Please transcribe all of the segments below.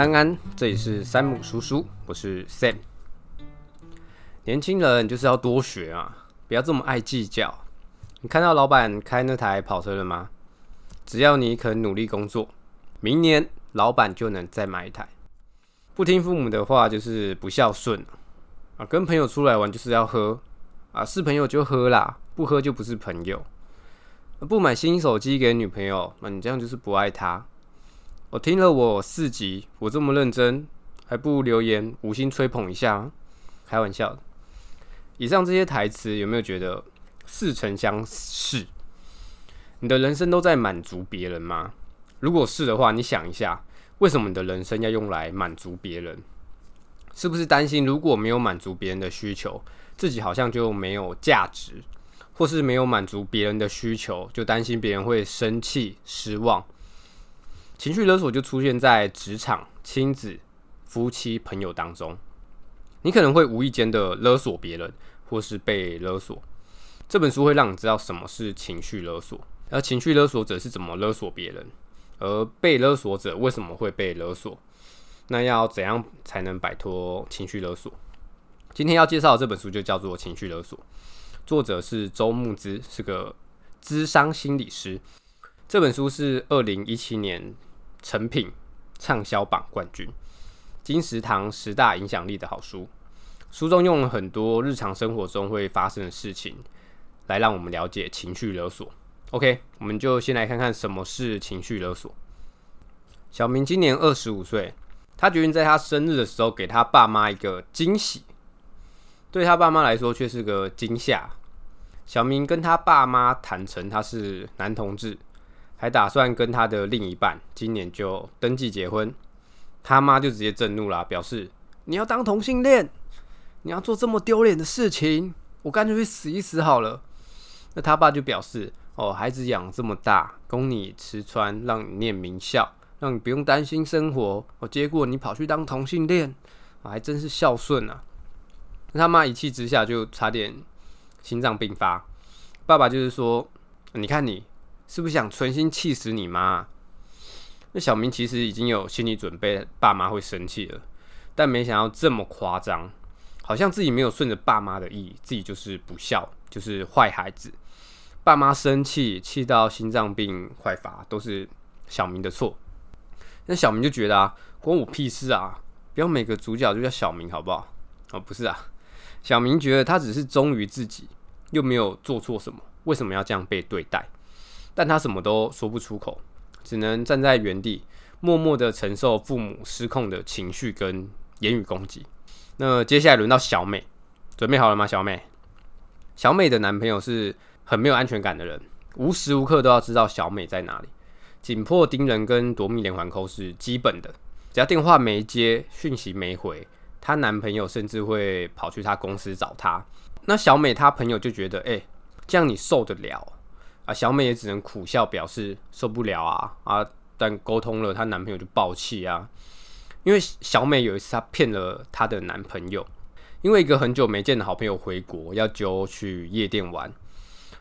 安安，這裡是山姆叔叔，我是 Sam。年輕人就是要多學啊，不要這麼愛計較。你看到老板開那台跑車了嗎？只要你肯努力工作，明年老板就能再買一台。不聽父母的話就是不孝順啊。跟朋友出來玩就是要喝啊，是朋友就喝啦，不喝就不是朋友。不買新手機給女朋友，那、嗯、你這樣就是不愛她。我聽了我四集，我這麼認真，還不如留言五星吹捧一下。開玩笑，以上這些台詞有沒有覺得似曾相識？你的人生都在滿足別人嗎？如果是的話，你想一下，為什麼你的人生要用來滿足別人？是不是擔心如果沒有滿足別人的需求，自己好像就沒有價值，或是沒有滿足別人的需求，就擔心別人會生氣、失望？情緒勒索就出現在職場、親子、夫妻、朋友當中，你可能會無意間的勒索別人，或是被勒索。這本書會讓你知道什麼是情緒勒索，而情緒勒索者是怎麼勒索別人，而被勒索者為什麼會被勒索，那要怎樣才能擺脫情緒勒索？今天要介紹的這本書就叫做《情緒勒索》，作者是周慕姿，是個諮商心理師。這本書是二零一七年。成品暢銷榜冠軍，金石堂十大影響力的好書。書中用了很多日常生活中會發生的事情，來讓我們了解情緒勒索。OK，我們就先來看看什麼是情緒勒索。小明今年二十五歲，他決定在他生日的時候給他爸媽一個驚喜，對他爸媽來說卻是個驚嚇。小明跟他爸媽坦承，他是男同志。還打算跟他的另一半今年就登記結婚，他媽就直接震怒了，表示你要當同性戀，你要做這麼丟臉的事情，我乾脆去死一死好了。那他爸就表示，哦，孩子養這麼大，供你吃穿，讓你念名校，讓你不用擔心生活，我、哦、結果你跑去當同性戀，哦，還真是孝順啊！他媽一氣之下就差點心臟病發，爸爸就是說，呃、你看你。是不是想存心氣死你媽啊？那小明其實已經有心理準備，爸媽會生氣了，但沒想到這麼誇張，好像自己沒有順着爸媽的意，自己就是不孝，就是壞孩子。爸媽生氣，氣到心臟病快發，都是小明的錯。那小明就覺得啊，關我屁事啊！不要每個主角就叫小明好不好？哦，不是啊，小明覺得他只是忠於自己，又沒有做錯什麼，為什麼要這樣被對待？但他什麼都說不出口，只能站在原地，默默的承受父母失控的情緒跟言語攻擊。那接下來輪到小美，準備好了嗎？小美，小美的男朋友是很沒有安全感的人，無時無刻都要知道小美在哪裡，緊迫盯人跟奪命連環扣是基本的。只要電話沒接，訊息沒回，她男朋友甚至會跑去她公司找她。那小美她朋友就覺得，哎、欸，這樣你受得了？小美也只能苦笑表示受不了啊啊！但溝通了，她男朋友就爆氣啊，因為小美有一次她騙了她的男朋友，因為一個很久沒見的好朋友回國要揪去夜店玩，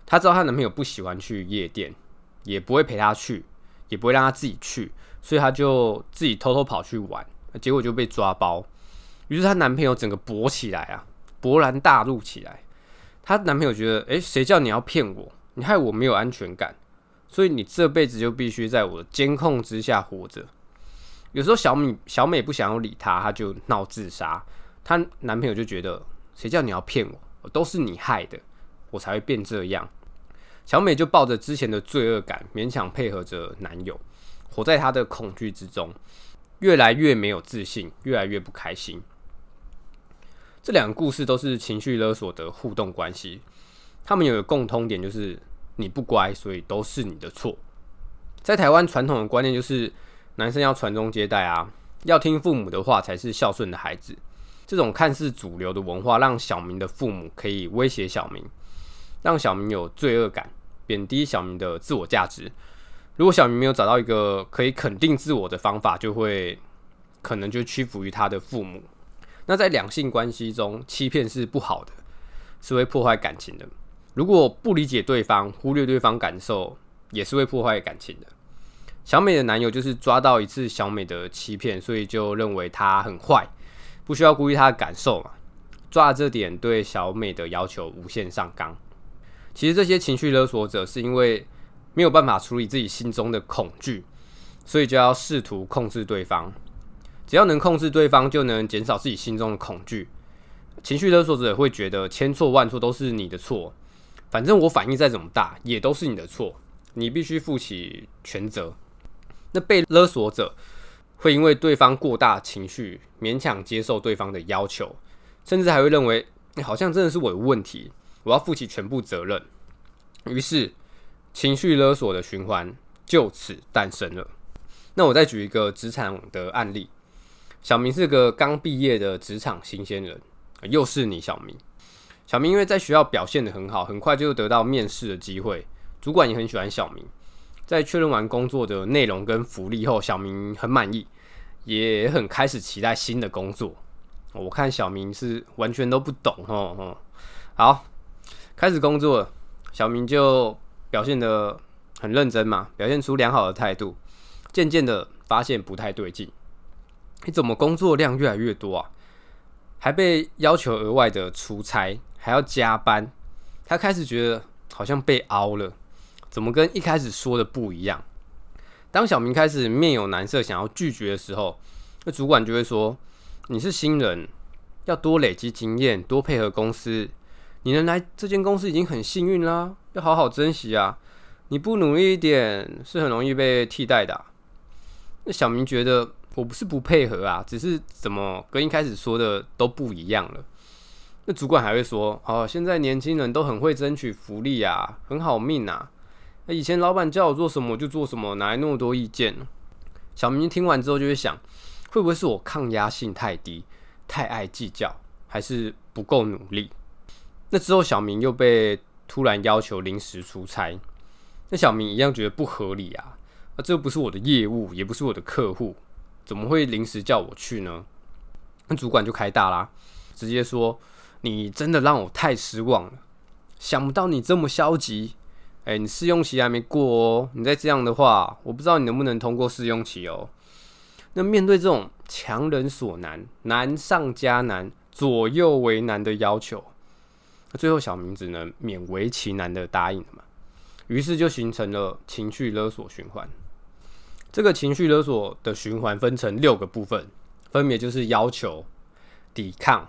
她知道她男朋友不喜歡去夜店，也不會陪她去，也不會讓她自己去，所以她就自己偷偷跑去玩，結果就被抓包，於是她男朋友整個勃起來啊，勃然大怒起來。她男朋友覺得，哎，誰叫你要騙我？你害我沒有安全感，所以你這輩子就必須在我的監控之下活着。有時候小美小美不想要理他，他就鬧自殺。她男朋友就覺得誰叫你要騙我？我都是你害的，我才會變這樣。小美就抱着之前的罪惡感，勉強配合着男友，活在他的恐懼之中，越來越沒有自信，越來越不開心。這兩個故事都是情緒勒索的互動關係，他們有一個共通點就是。你不乖，所以都是你的錯。在台灣，傳統的觀念就是男生要傳宗接代啊，要聽父母的話才是孝順的孩子。這種看似主流的文化，讓小明的父母可以威脅小明，讓小明有罪惡感，貶低小明的自我價值。如果小明沒有找到一個可以肯定自我的方法，就會可能就屈服於他的父母。那在兩性關係中，欺騙是不好的，是會破壞感情的。如果不理解對方，忽略對方感受，也是會破壞感情的。小美的男友就是抓到一次小美的欺騙，所以就認為她很壞，不需要顧慮她的感受嘛？抓這點對小美的要求無限上綱。其實這些情緒勒索者是因為沒有辦法處理自己心中的恐懼，所以就要試圖控制對方。只要能控制對方，就能減少自己心中的恐懼。情緒勒索者會覺得千錯萬錯都是你的錯。反正我反應再怎麼大，也都是你的錯，你必須負起全責。那被勒索者會因為對方過大情緒，勉強接受對方的要求，甚至還會認為，欸，好像真的是我的問題，我要負起全部責任。於是，情緒勒索的循環就此誕生了。那我再舉一個職場的案例：小明是個剛畢業的職場新鮮人，又是你，小明。小明因為在學校表現得很好，很快就得到面試的機會。主管也很喜歡小明。在確認完工作的內容跟福利後，小明很滿意，也很開始期待新的工作。我看小明是完全都不懂，吼吼。好，開始工作了，小明就表現得很認真嘛，表現出良好的態度。漸漸的發現不太對勁，你怎麼工作量越來越多啊？還被要求額外的出差。還要加班，他開始覺得好像被凹了，怎麼跟一開始說的不一樣？當小明開始面有難色想要拒絕的時候，那主管就會說：“你是新人，要多累積經驗，多配合公司。你能來這間公司已經很幸運啦，要好好珍惜啊！你不努力一點，是很容易被替代的啊。”那小明覺得我不是不配合啊，只是怎麼跟一開始說的都不一樣了。那主管還會說：“哦，現在年輕人都很會爭取福利啊，很好命啊！那以前老闆叫我做什麼就做什麼，哪來那麼多意見？”小明一聽完之後就會想，會不會是我抗壓性太低，太愛計較，還是不夠努力？那之後小明又被突然要求臨時出差，那小明一樣覺得不合理啊！啊，這不是我的業務，也不是我的客戶，怎麼會臨時叫我去呢？那主管就開大啦，直接說。你真的讓我太失望了，想不到你這麼消極。哎、欸，你試用期還沒過哦，你再這樣的話，我不知道你能不能通過試用期哦。那面對這種強人所難、難上加難、左右為難的要求，那最後小明只能勉為其難的答應了嘛。於是就形成了情緒勒索循環。這個情緒勒索的循環分成六個部分，分別就是要求、抵抗、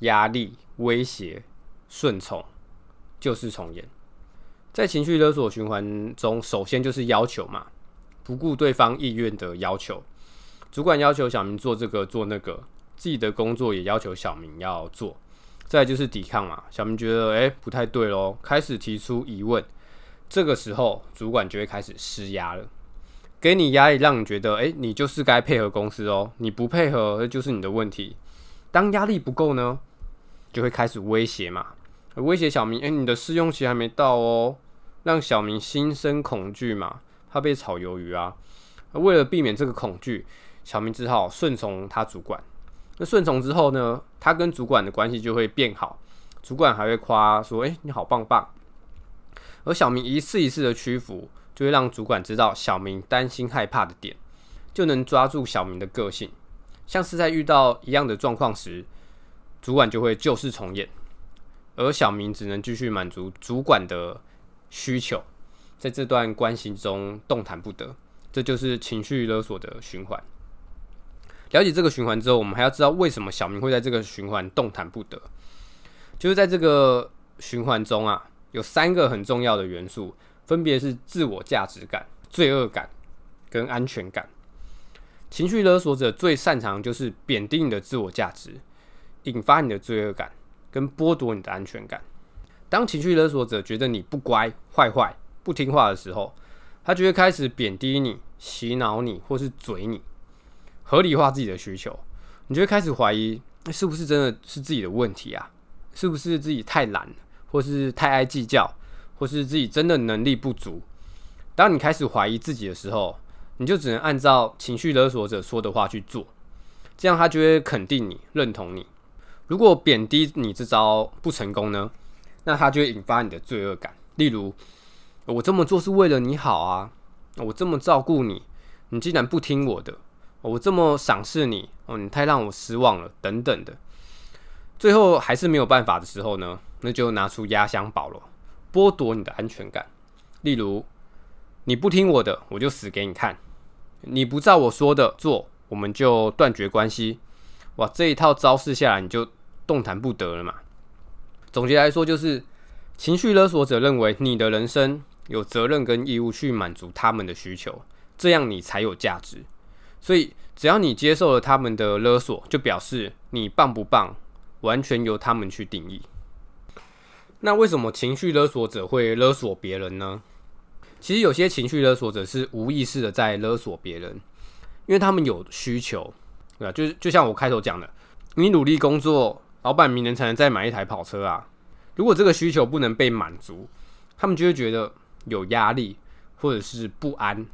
壓力、威脅、順從，舊事重演，在情緒勒索循環中，首先就是要求嘛，不顧對方意願的要求。主管要求小明做這個做那個，自己的工作也要求小明要做。再來就是抵抗嘛，小明覺得誒，不太對咯。開始提出疑問。這個時候主管就會開始施壓了，給你壓力讓你覺得誒，你就是該配合公司哦，你不配合就是你的問題。當壓力不夠呢？就會開始威脅嘛，威脅小明，哎，你的試用期還沒到哦，讓小明心生恐懼嘛，怕被炒魷魚啊。為了避免這個恐懼，小明只好順從他主管。那順從之後呢，他跟主管的關係就會變好，主管還會誇說，哎，你好棒棒。而小明一次一次的屈服，就會讓主管知道小明擔心害怕的點，就能抓住小明的個性，像是在遇到一樣的狀況時。主管就會舊事重演，而小明只能繼續滿足主管的需求，在這段關係中動彈不得。這就是情緒勒索的循環。了解這個循環之後，我們還要知道為什麼小明會在這個循環動彈不得。就是在這個循環中啊，有三個很重要的元素，分別是自我價值感、罪惡感跟安全感。情緒勒索者最擅長就是貶低你的自我價值。引發你的罪惡感，跟剝奪你的安全感。當情緒勒索者覺得你不乖、壞壞、不聽話的時候，他就會開始貶低你、洗腦你，或是嘴你，合理化自己的需求。你就會開始懷疑，那是不是真的是自己的問題啊？是不是自己太懶，或是太愛計較，或是自己真的能力不足？當你開始懷疑自己的時候，你就只能按照情緒勒索者說的話去做，這樣他就會肯定你、認同你。如果貶低你這招不成功呢，那他就會引發你的罪惡感。例如，我這麼做是為了你好啊，我這麼照顧你，你竟然不聽我的，我這麼賞識你，哦，你太讓我失望了，等等的。最後還是沒有辦法的時候呢，那就拿出壓箱寶了，剝奪你的安全感。例如，你不聽我的，我就死給你看；你不照我說的做，我們就斷絕關係。哇，這一套招式下來，你就。動彈不得了嘛。總結來說，就是情緒勒索者認為你的人生有責任跟義務去滿足他們的需求，這樣你才有價值。所以，只要你接受了他們的勒索，就表示你棒不棒，完全由他們去定義。那為什麼情緒勒索者會勒索別人呢？其實有些情緒勒索者是無意識的在勒索別人，因為他們有需求，對吧？就就像我開頭講的，你努力工作。老闆明年才能再買一台跑車啊！如果這個需求不能被滿足，他們就會覺得有壓力或者是不安。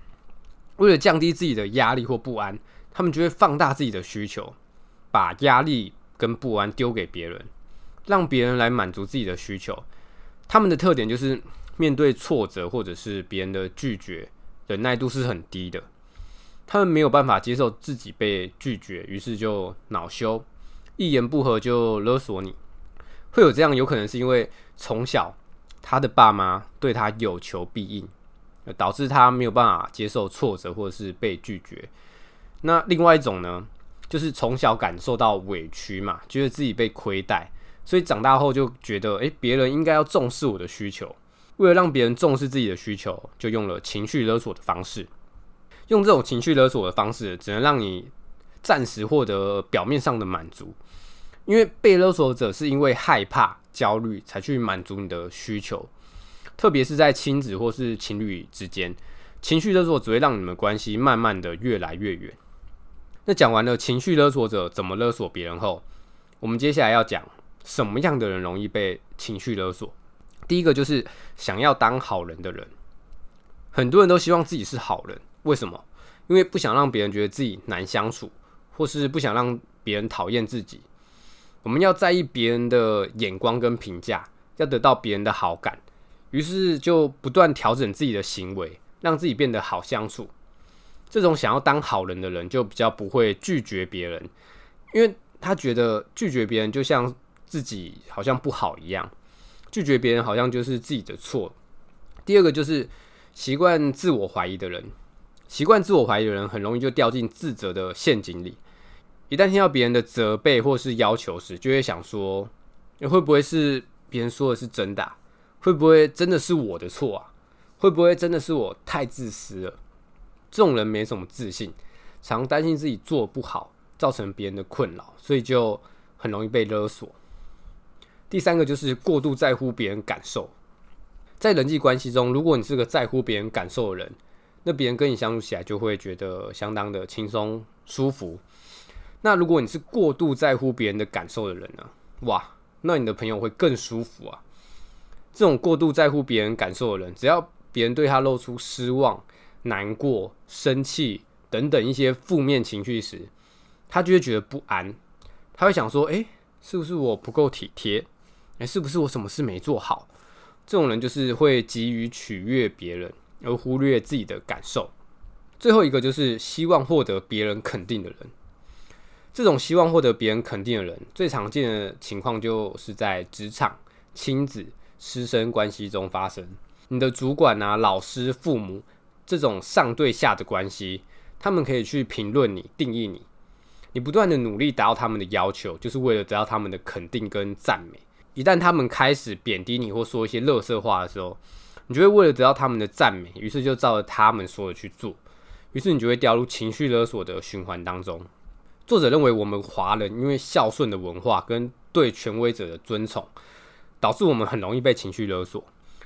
為了降低自己的壓力或不安，他們就會放大自己的需求，把壓力跟不安丟給別人，讓別人來滿足自己的需求。他們的特點就是面對挫折或者是別人的拒絕，忍耐度是很低的。他們沒有辦法接受自己被拒絕，於是就惱羞。一言不合就勒索你，會有這樣，有可能是因為從小他的爸媽對他有求必應，導致他沒有辦法接受挫折或者是被拒絕。那另外一種呢，就是從小感受到委屈嘛，覺得自己被虧待，所以長大後就覺得，誒，別人應該要重視我的需求。為了讓別人重視自己的需求，就用了情緒勒索的方式。用這種情緒勒索的方式，只能讓你。暫時獲得表面上的滿足，因為被勒索者是因為害怕、焦慮才去滿足你的需求，特別是在親子或是情侶之間，情緒勒索只會讓你們關係慢慢的越來越遠。那講完了情緒勒索者怎麼勒索別人後，我們接下來要講什麼樣的人容易被情緒勒索。第一個就是想要當好人的人，很多人都希望自己是好人，為什麼？因為不想讓別人覺得自己難相處。或是不想讓別人討厭自己，我們要在意別人的眼光跟評價，要得到別人的好感，於是就不斷調整自己的行為，讓自己變得好相處。這種想要當好人的人，就比較不會拒絕別人，因為他覺得拒絕別人就像自己好像不好一樣，拒絕別人好像就是自己的錯。第二個就是習慣自我懷疑的人。習慣自我懷疑的人很容易就掉進自責的陷阱裡。一旦聽到別人的責備或是要求時，就會想說：會不會是別人說的是真的啊？會不會真的是我的錯啊？會不會真的是我太自私了？這種人沒什麼自信，常擔心自己做不好，造成別人的困擾，所以就很容易被勒索。第三個就是過度在乎別人感受。在人際關係中，如果你是個在乎別人感受的人，那別人跟你相處起來就會覺得相當的輕鬆舒服。那如果你是過度在乎別人的感受的人呢？哇，那你的朋友會更舒服啊！這種過度在乎別人感受的人，只要別人對他露出失望、難過、生氣等等一些負面情緒時，他就會覺得不安，他會想說：誒、欸，是不是我不夠體貼？誒、欸，是不是我什麼事沒做好？這種人就是會急於取悅別人。而忽略自己的感受。最後一個就是希望獲得別人肯定的人，這種希望獲得別人肯定的人，最常見的情況就是在職場、親子、師生關係中發生。你的主管啊、老師、父母，這種上對下的關係，他們可以去評論你、定義你。你不斷的努力達到他們的要求，就是為了得到他們的肯定跟讚美。一旦他們開始貶低你或說一些垃圾話的時候，你就會為了得到他們的讚美，於是就照着他們說的去做，於是你就會掉入情緒勒索的循環當中。作者認為，我們華人因為孝順的文化跟對權威者的尊崇，導致我們很容易被情緒勒索。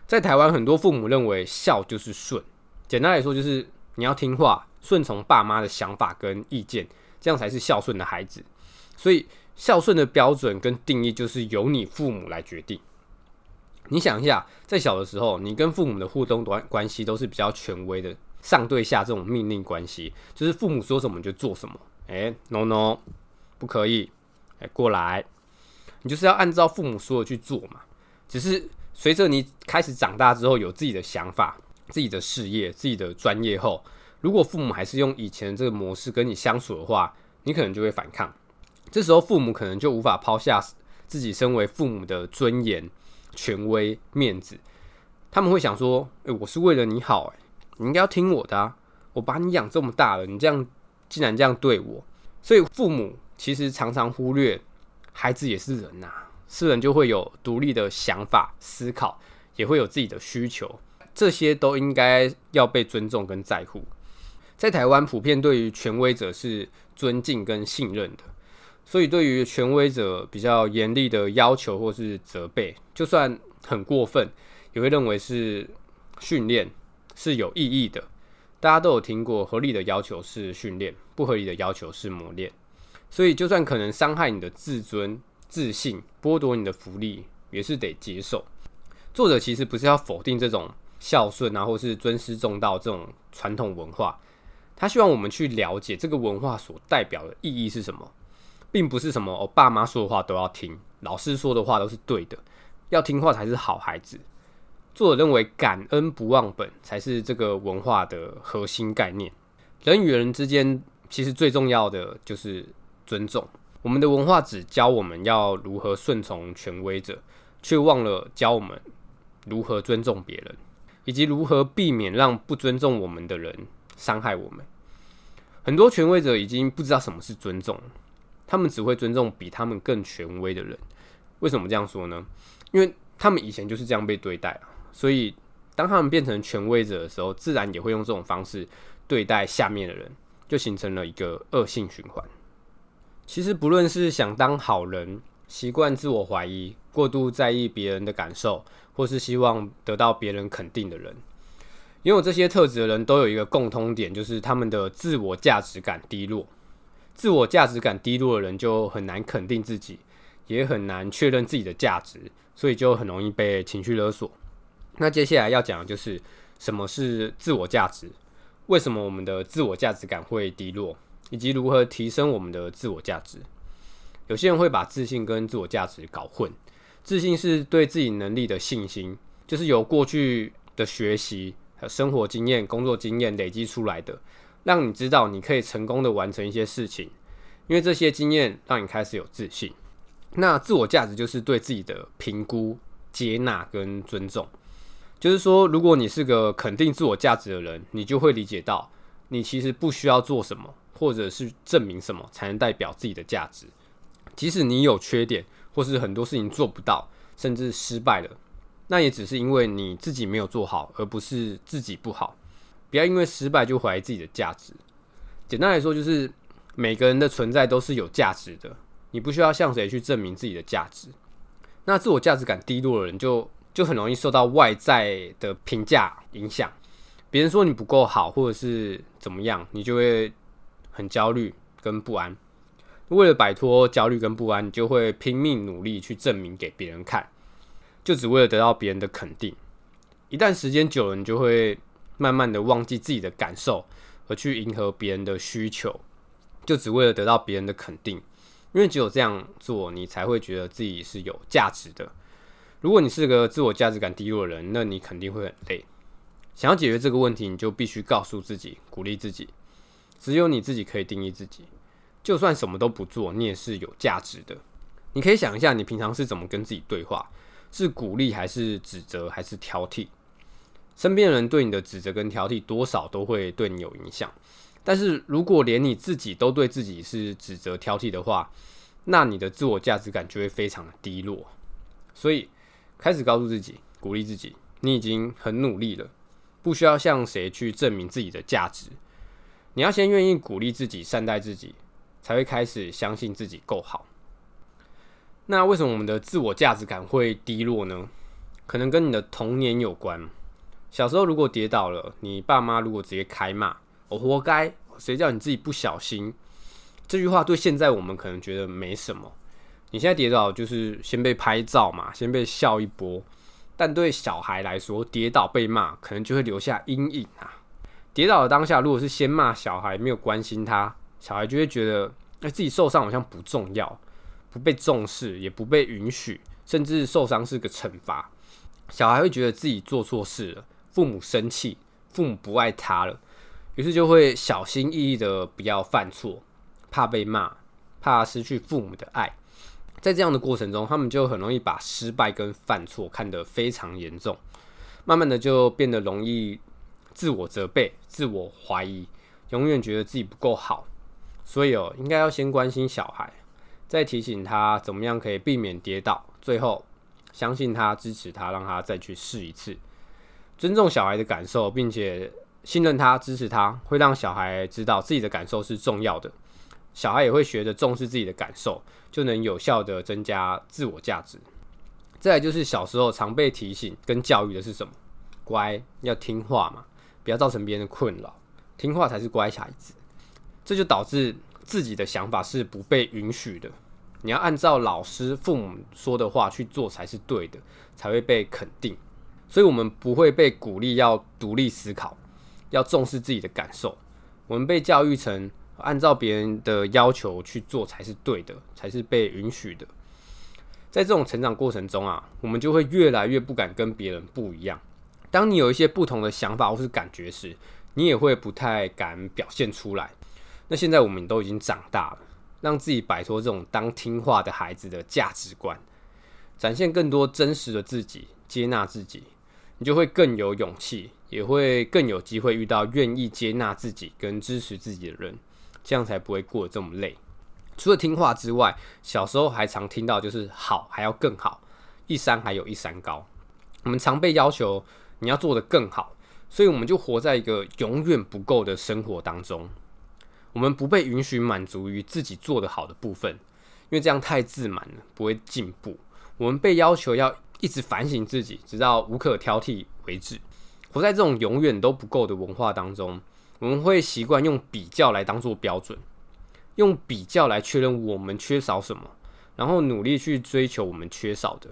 在台灣，很多父母認為孝就是順，簡單來說就是你要聽話，順從爸媽的想法跟意見，這樣才是孝順的孩子。所以，孝順的標準跟定義就是由你父母來決定。你想一下，在小的時候，你跟父母的互動關係，都是比較權威的，上對下這種命令關係，就是父母說什麼就做什麼。誒，no no，不可以。誒，過來，你就是要按照父母說的去做嘛。只是隨着你開始長大之後，有自己的想法、自己的事業、自己的專業後，如果父母還是用以前的這個模式跟你相處的話，你可能就會反抗。這時候，父母可能就無法拋下自己身為父母的尊嚴。權威面子，他們會想說：“誒、欸，我是為了你好、欸，你應該要聽我的、啊。我把你養這麼大了，你這樣竟然這樣對我。”所以父母其實常常忽略，孩子也是人吶、啊，是人就會有獨立的想法、思考，也會有自己的需求，這些都應該要被尊重跟在乎。在台灣，普遍對於權威者是尊敬跟信任的。所以，對於權威者比較嚴厲的要求或是責備，就算很過分，也會認為是訓練是有意義的。大家都有聽過，合理的要求是訓練，不合理的要求是磨練。所以，就算可能傷害你的自尊、自信，剝奪你的福利，也是得接受。作者其實不是要否定這種孝順啊，或是尊師重道這種傳統文化，他希望我們去了解這個文化所代表的意義是什麼。並不是什麼我爸媽說的話都要聽，老師說的話都是對的，要聽話才是好孩子。作者認為，感恩不忘本才是這個文化的核心概念。人與人之間其實最重要的就是尊重。我們的文化只教我們要如何順從權威者，卻忘了教我們如何尊重別人，以及如何避免讓不尊重我們的人傷害我們。很多權威者已經不知道什麼是尊重。他們只會尊重比他們更權威的人，為什麼這樣說呢？因為他們以前就是這樣被對待，所以當他們變成權威者的時候，自然也會用這種方式對待下面的人，就形成了一個惡性循環。其實不論是想當好人、習慣自我懷疑、過度在意別人的感受，或是希望得到別人肯定的人，擁有這些特質的人都有一個共通點，就是他們的自我價值感低落。自我價值感低落的人就很難肯定自己，也很難確認自己的價值，所以就很容易被情緒勒索。那接下來要講的就是什麼是自我價值，為什麼我們的自我價值感會低落，以及如何提升我們的自我價值。有些人會把自信跟自我價值搞混，自信是對自己能力的信心，就是由過去的學習和生活經驗、工作經驗累積出來的。讓你知道你可以成功的完成一些事情，因為這些經驗讓你開始有自信。那自我價值就是對自己的評估、接納跟尊重。就是說，如果你是個肯定自我價值的人，你就會理解到，你其實不需要做什麼，或者是證明什麼，才能代表自己的價值。即使你有缺點，或是很多事情做不到，甚至失敗了，那也只是因為你自己沒有做好，而不是自己不好。不要因為失敗就懷疑自己的價值。簡單來說，就是每個人的存在都是有價值的，你不需要向誰去證明自己的價值。那自我價值感低落的人，就就很容易受到外在的評價影響。別人說你不夠好，或者是怎麼樣，你就會很焦慮跟不安。為了擺脫焦慮跟不安，你就會拼命努力去證明給別人看，就只為了得到別人的肯定。一旦時間久了，你就會，慢慢的忘記自己的感受，而去迎合別人的需求，就只為了得到別人的肯定，因為只有這樣做，你才會覺得自己是有價值的。如果你是個自我價值感低落的人，那你肯定會很累。想要解決這個問題，你就必須告訴自己，鼓勵自己，只有你自己可以定義自己。就算什麼都不做，你也是有價值的。你可以想一下，你平常是怎麼跟自己對話？是鼓勵，還是指責，還是挑剔？身邊人對你的指責跟挑剔，多少都會對你有影響。但是如果連你自己都對自己是指責挑剔的話，那你的自我價值感就會非常的低落。所以，開始告訴自己，鼓勵自己，你已經很努力了，不需要向誰去證明自己的價值。你要先願意鼓勵自己，善待自己，才會開始相信自己夠好。那為什麼我們的自我價值感會低落呢？可能跟你的童年有關。小時候如果跌倒了，你爸媽如果直接開罵，我、哦、活該，誰叫你自己不小心？這句話對現在我們可能覺得沒什麼。你現在跌倒就是先被拍照嘛，先被笑一波。但對小孩來說，跌倒被罵可能就會留下陰影啊。跌倒的當下，如果是先罵小孩，沒有關心他，小孩就會覺得哎，自己受傷好像不重要，不被重視，也不被允許，甚至受傷是個懲罰。小孩會覺得自己做錯事了。父母生氣，父母不愛他了，於是就會小心翼翼的不要犯錯，怕被罵，怕失去父母的愛。在這樣的過程中，他們就很容易把失敗跟犯錯看得非常嚴重，慢慢的就變得容易自我責備、自我懷疑，永遠覺得自己不夠好。所以哦，應該要先關心小孩，再提醒他怎麼樣可以避免跌倒，最後相信他、支持他，讓他再去試一次。尊重小孩的感受，並且信任他、支持他，會讓小孩知道自己的感受是重要的。小孩也會學着重視自己的感受，就能有效的增加自我價值。再來就是小時候常被提醒跟教育的是什麼？乖，要聽話嘛，不要造成別人的困擾，聽話才是乖孩子。這就導致自己的想法是不被允許的，你要按照老師、父母說的話去做才是對的，才會被肯定。所以，我們不會被鼓勵要獨立思考，要重視自己的感受。我們被教育成按照別人的要求去做才是對的，才是被允許的。在這種成長過程中啊，我們就會越來越不敢跟別人不一樣。當你有一些不同的想法或是感覺時，你也會不太敢表現出來。那現在我們都已經長大了，讓自己擺脫這種當聽話的孩子的價值觀，展現更多真實的自己，接納自己。你就會更有勇氣，也會更有機會遇到願意接納自己跟支持自己的人，這樣才不會過得這麼累。除了聽話之外，小時候還常聽到就是好還要更好，一山還有一山高。我們常被要求你要做得更好，所以我們就活在一個永遠不夠的生活當中。我們不被允許滿足於自己做得好的部分，因為這樣太自滿了，不會進步。我們被要求要。一直反省自己，直到無可挑剔為止。活在這種永遠都不夠的文化當中，我們會習慣用比較來當做標準，用比較來確認我們缺少什麼，然後努力去追求我們缺少的。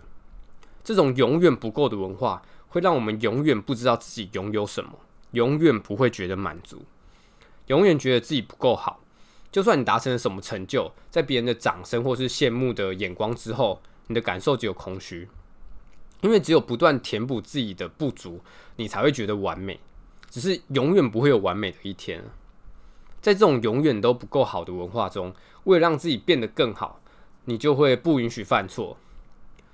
這種永遠不夠的文化，會讓我們永遠不知道自己擁有什麼，永遠不會覺得滿足，永遠覺得自己不夠好。就算你達成了什麼成就，在別人的掌聲或是羨慕的眼光之後，你的感受只有空虛。因為只有不斷填補自己的不足，你才會覺得完美。只是永遠不會有完美的一天。在這種永遠都不夠好的文化中，為了讓自己變得更好，你就會不允許犯錯。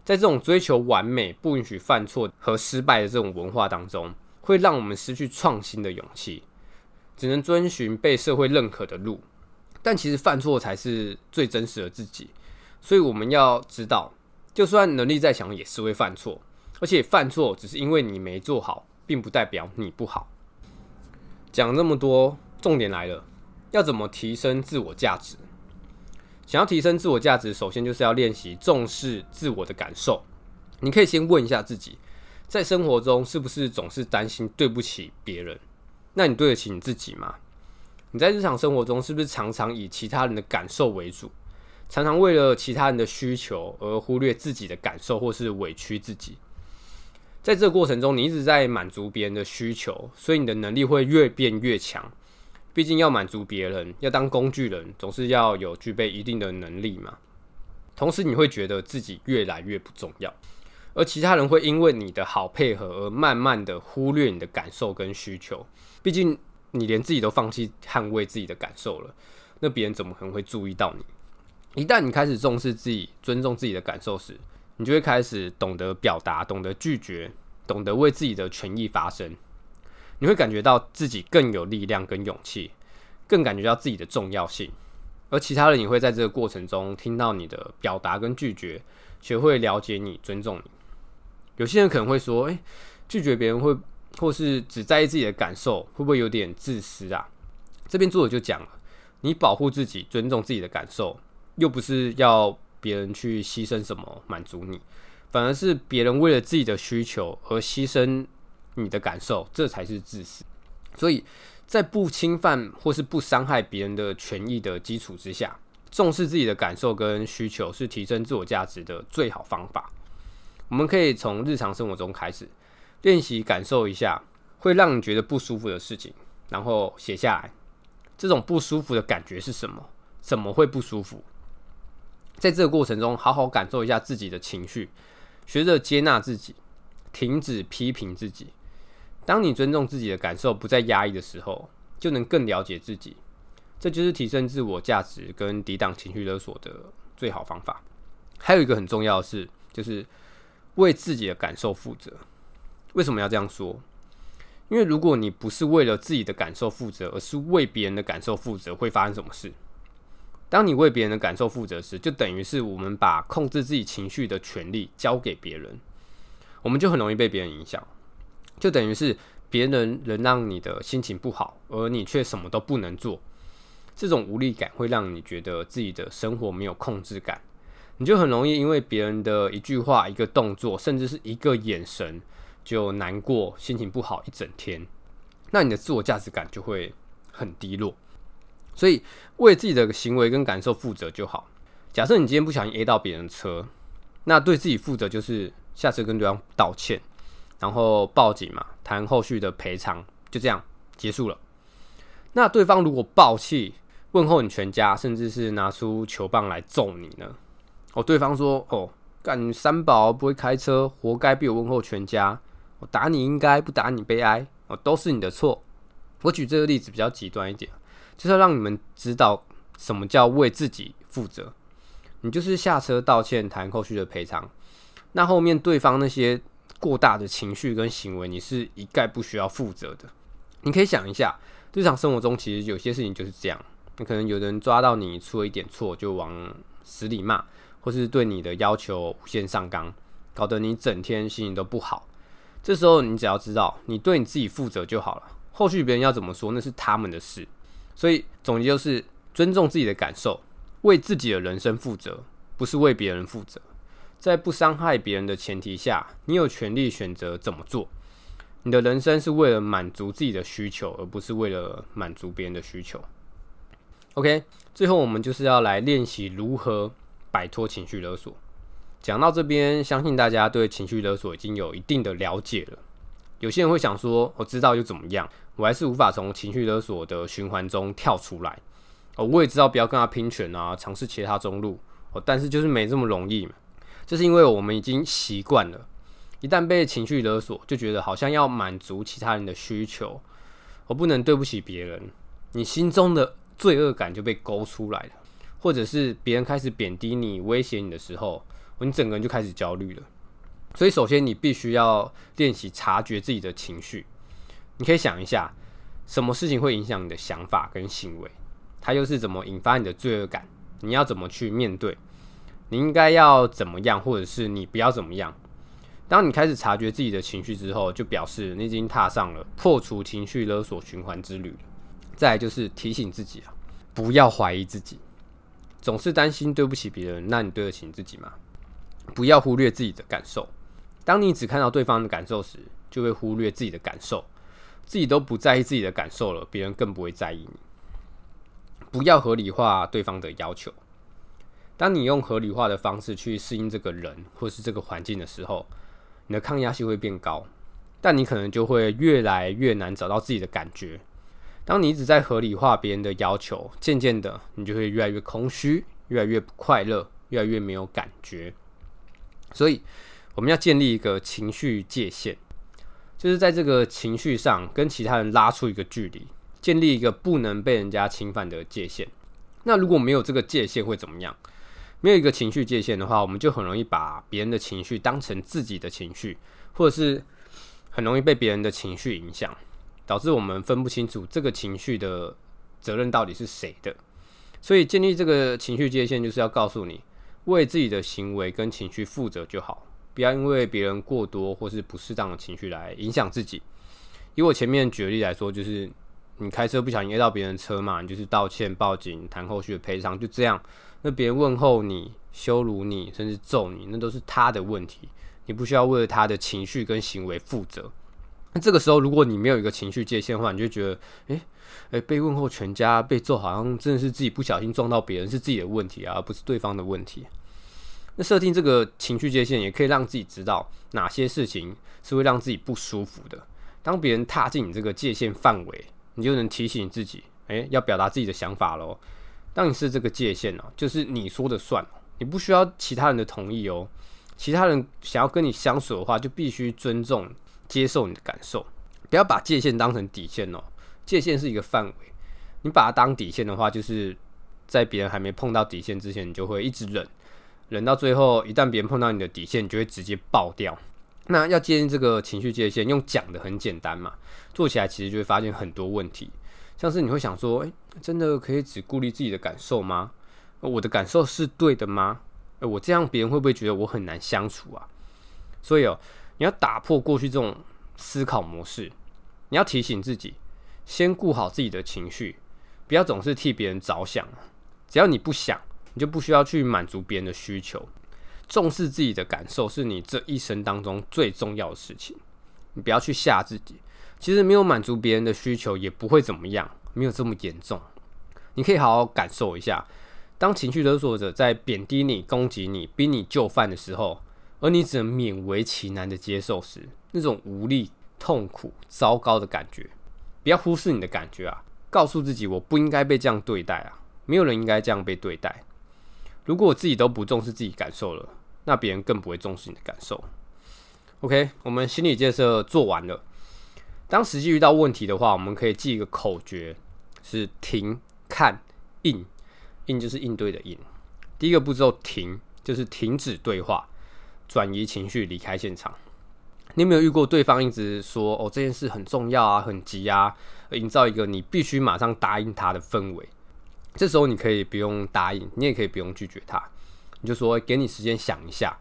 在這種追求完美、不允許犯錯和失敗的這種文化當中，會讓我們失去創新的勇氣，只能遵循被社會認可的路。但其實犯錯才是最真實的自己。所以我們要知道。就算能力再強，也是會犯錯，而且犯錯只是因為你沒做好，並不代表你不好。講了那麼多，重點來了，要怎麼提升自我價值？想要提升自我價值，首先就是要練習重視自我的感受。你可以先問一下自己，在生活中是不是總是擔心對不起別人？那你對得起你自己嗎？你在日常生活中是不是常常以其他人的感受為主？常常為了其他人的需求而忽略自己的感受，或是委屈自己。在這個過程中，你一直在滿足別人的需求，所以你的能力會越變越強。畢竟要滿足別人，要當工具人，總是要有具備一定的能力嘛。同時，你會覺得自己越來越不重要，而其他人會因為你的好配合而慢慢的忽略你的感受跟需求。畢竟你連自己都放棄捍衛自己的感受了，那別人怎麼可能會注意到你？一旦你開始重視自己、尊重自己的感受時，你就會開始懂得表達、懂得拒絕、懂得為自己的權益發聲。你會感覺到自己更有力量跟勇氣，更感覺到自己的重要性。而其他人也會在這個過程中聽到你的表達跟拒絕，學會了解你、尊重你。有些人可能會說：“誒、欸，拒絕別人會，或是只在意自己的感受，會不會有點自私啊？”這邊作者就講了：你保護自己、尊重自己的感受。又不是要別人去犧牲什麼滿足你，反而是別人為了自己的需求而犧牲你的感受，這才是自私。所以在不侵犯或是不傷害別人的權益的基礎之下，重視自己的感受跟需求是提升自我價值的最好方法。我們可以從日常生活中開始練習，感受一下會讓你覺得不舒服的事情，然後寫下來，這種不舒服的感覺是什麼？怎麼會不舒服？在這個過程中，好好感受一下自己的情緒，學着接納自己，停止批評自己。當你尊重自己的感受，不再壓抑的時候，就能更了解自己。這就是提升自我價值跟抵擋情緒勒索的最好方法。還有一個很重要的是，就是為自己的感受負責。為什麼要這樣說？因為如果你不是為了自己的感受負責，而是為別人的感受負責，會發生什麼事？當你為別人的感受負責時，就等於是我們把控制自己情緒的權利交給別人，我們就很容易被別人影響。就等於是別人能讓你的心情不好，而你卻什麼都不能做。這種無力感會讓你覺得自己的生活沒有控制感，你就很容易因為別人的一句話、一個動作，甚至是一個眼神，就難過、心情不好一整天。那你的自我價值感就會很低落。所以為自己的行為跟感受負責就好。假設你今天不小心 A 到別人車，那對自己負責就是下車跟對方道歉，然後報警嘛，談後續的賠償，就這樣結束了。那對方如果爆氣，問候你全家，甚至是拿出球棒來揍你呢？哦，對方說：“哦，幹三寶不會開車，活該被我問候全家。我打你應該，不打你悲哀，哦，都是你的錯。”我舉這個例子比較極端一點。就是要讓你們知道什麼叫為自己負責。你就是下車道歉，談後續的賠償。那後面對方那些過大的情緒跟行為，你是一概不需要負責的。你可以想一下，日常生活中其實有些事情就是這樣。你可能有人抓到你出了一點錯，就往死裡罵，或是對你的要求無限上綱，搞得你整天心情都不好。這時候你只要知道，你對你自己負責就好了。後續別人要怎麼說，那是他們的事。所以總結就是尊重自己的感受，為自己的人生負責，不是為別人負責。在不傷害別人的前提下，你有權利選擇怎麼做。你的人生是為了滿足自己的需求，而不是為了滿足別人的需求。OK，最後我們就是要來練習如何擺脫情緒勒索。講到這邊，相信大家對情緒勒索已經有一定的了解了。有些人會想說，我知道又怎麼樣？我還是無法從情緒勒索的循環中跳出來。哦，我也知道不要跟他拼拳啊，嘗試其他中路，哦，但是就是沒這麼容易嘛。這是因為我們已經習慣了，一旦被情緒勒索，就覺得好像要滿足其他人的需求，我不能對不起別人，你心中的罪惡感就被勾出來了。或者是別人開始貶低你、威脅你的時候，你整個人就開始焦慮了。所以，首先你必須要練習察覺自己的情緒。你可以想一下，什麼事情會影響你的想法跟行為？它又是怎麼引發你的罪惡感？你要怎麼去面對？你應該要怎麼樣，或者是你不要怎麼樣？當你開始察覺自己的情緒之後，就表示你已經踏上了破除情緒勒索循環之旅了。再來就是提醒自己啊，不要懷疑自己，總是擔心對不起別人，那你對得起自己嗎？不要忽略自己的感受。當你只看到對方的感受時，就會忽略自己的感受，自己都不在意自己的感受了，別人更不會在意你。不要合理化對方的要求。當你用合理化的方式去適應這個人或是這個環境的時候，你的抗壓性會變高，但你可能就會越來越難找到自己的感覺。當你一直在合理化別人的要求，漸漸的，你就會越來越空虛，越來越不快樂，越來越沒有感覺。所以。我們要建立一個情緒界限，就是在這個情緒上跟其他人拉出一個距離，建立一個不能被人家侵犯的界限。那如果沒有這個界限會怎麼樣？沒有一個情緒界限的話，我們就很容易把別人的情緒當成自己的情緒，或者是很容易被別人的情緒影響，導致我們分不清楚這個情緒的責任到底是誰的。所以，建立這個情緒界限就是要告訴你，為自己的行為跟情緒負責就好。不要因為別人過多或是不適當的情緒來影響自己。以我前面舉例來說，就是你開車不小心 A 到別人的車嘛，你就是道歉、報警、談後續的賠償，就這樣。那別人問候你、羞辱你，甚至揍你，那都是他的問題，你不需要為了他的情緒跟行為負責。那這個時候，如果你沒有一個情緒界限的話，你就覺得，誒、欸、誒、欸，被問候全家，被揍，好像真的是自己不小心撞到別人，是自己的問題啊，而不是對方的問題。那設定這個情緒界限，也可以讓自己知道哪些事情是會讓自己不舒服的。當別人踏進你這個界限範圍，你就能提醒你自己，哎，要表達自己的想法嘍。當你是這個界限哦，就是你說的算，你不需要其他人的同意哦。其他人想要跟你相處的話，就必須尊重、接受你的感受。不要把界限當成底線哦。界限是一個範圍，你把它當底線的話，就是在別人還沒碰到底線之前，你就會一直忍。忍到最後，一旦別人碰到你的底線，你就會直接爆掉。那要建立這個情緒界限，用講的很簡單嘛，做起來其實就會發現很多問題。像是你會想說，哎、欸，真的可以只顧慮自己的感受嗎、呃？我的感受是對的嗎？呃、我這樣別人會不會覺得我很難相處啊？所以哦、喔，你要打破過去這種思考模式，你要提醒自己，先顧好自己的情緒，不要總是替別人着想。只要你不想。你就不需要去滿足別人的需求，重視自己的感受是你這一生當中最重要的事情。你不要去嚇自己，其實沒有滿足別人的需求也不會怎麼樣，沒有這麼嚴重。你可以好好感受一下，當情緒勒索者在貶低你、攻擊你、逼你就範的時候，而你只能勉為其難的接受時，那種無力、痛苦、糟糕的感覺，不要忽視你的感覺啊！告訴自己，我不應該被這樣對待啊！沒有人應該這樣被對待。如果我自己都不重視自己感受了，那別人更不會重視你的感受。OK，我們心理建設做完了。當實際遇到問題的話，我們可以記一個口訣：是停、看、應。應就是應對的應。第一個步驟停，就是停止對話，轉移情緒，離開現場。你有沒有遇過對方一直說，哦，這件事很重要啊、很急啊，而營造一個你必須馬上答應他的氛圍？這時候你可以不用答應，你也可以不用拒絕他，你就說給你時間想一下。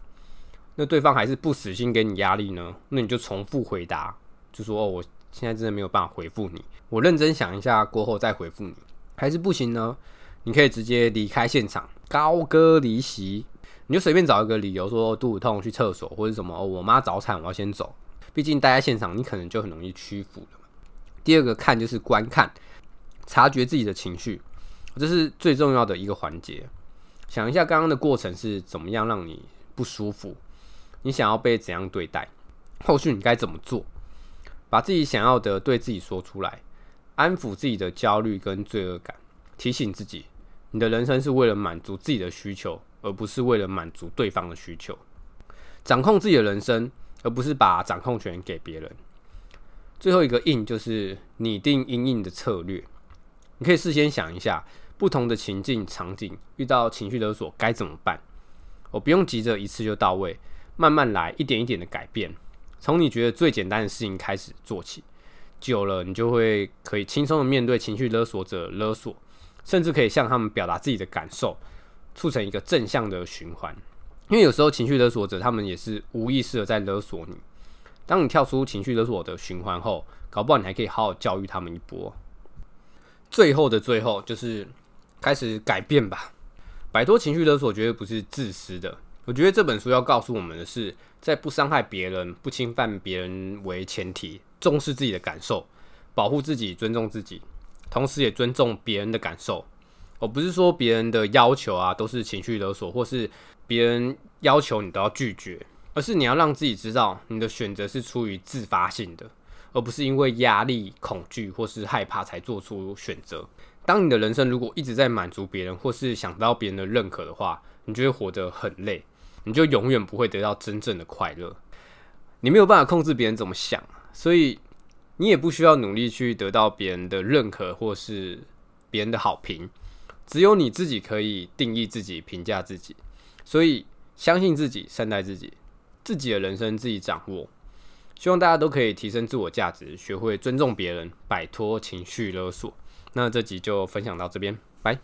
那對方還是不死心給你壓力呢？那你就重複回答，就說哦，我現在真的沒有辦法回復你，我認真想一下過後再回復你。還是不行呢？你可以直接離開現場，高歌離席。你就隨便找一個理由，說肚子痛去廁所，或者什麼，哦，我媽早產，我要先走。畢竟待在現場，你可能就很容易屈服了。第二個看就是觀看，察覺自己的情緒。這是最重要的一個環節。想一下剛剛的過程是怎麼樣讓你不舒服？你想要被怎樣對待？後續你該怎麼做？把自己想要的對自己說出來，安撫自己的焦慮跟罪惡感，提醒自己，你的人生是為了滿足自己的需求，而不是為了滿足對方的需求。掌控自己的人生，而不是把掌控權給別人。最後一個因就是擬定因應的策略。你可以事先想一下。不同的情境、場景遇到情緒勒索該怎麼辦？我不用急着一次就到位，慢慢來，一點一點的改變。從你覺得最簡單的事情開始做起，久了你就會可以輕鬆的面對情緒勒索者，勒索，甚至可以向他們表達自己的感受，促成一個正向的循環。因為有時候情緒勒索者他們也是無意識的在勒索你，當你跳出情緒勒索的循環後，搞不好你還可以好好教育他們一波。最後的最後就是。開始改變吧，擺脫情緒勒索絕對不是自私的。我覺得這本書要告訴我們的是，在不傷害別人、不侵犯別人為前提，重視自己的感受，保護自己，尊重自己，同時也尊重別人的感受。我不是說別人的要求啊都是情緒勒索，或是別人要求你都要拒絕，而是你要讓自己知道，你的選擇是出於自發性的，而不是因為壓力、恐懼或是害怕才做出選擇。當你的人生如果一直在滿足別人，或是想得到別人的認可的話，你就會活得很累，你就永遠不會得到真正的快樂。你沒有辦法控制別人怎麼想，所以你也不需要努力去得到別人的認可或是別人的好評。只有你自己可以定義自己、評價自己。所以，相信自己，善待自己，自己的人生自己掌握。希望大家都可以提升自我價值，學會尊重別人，擺脫情緒勒索。那這集就分享到這邊，掰。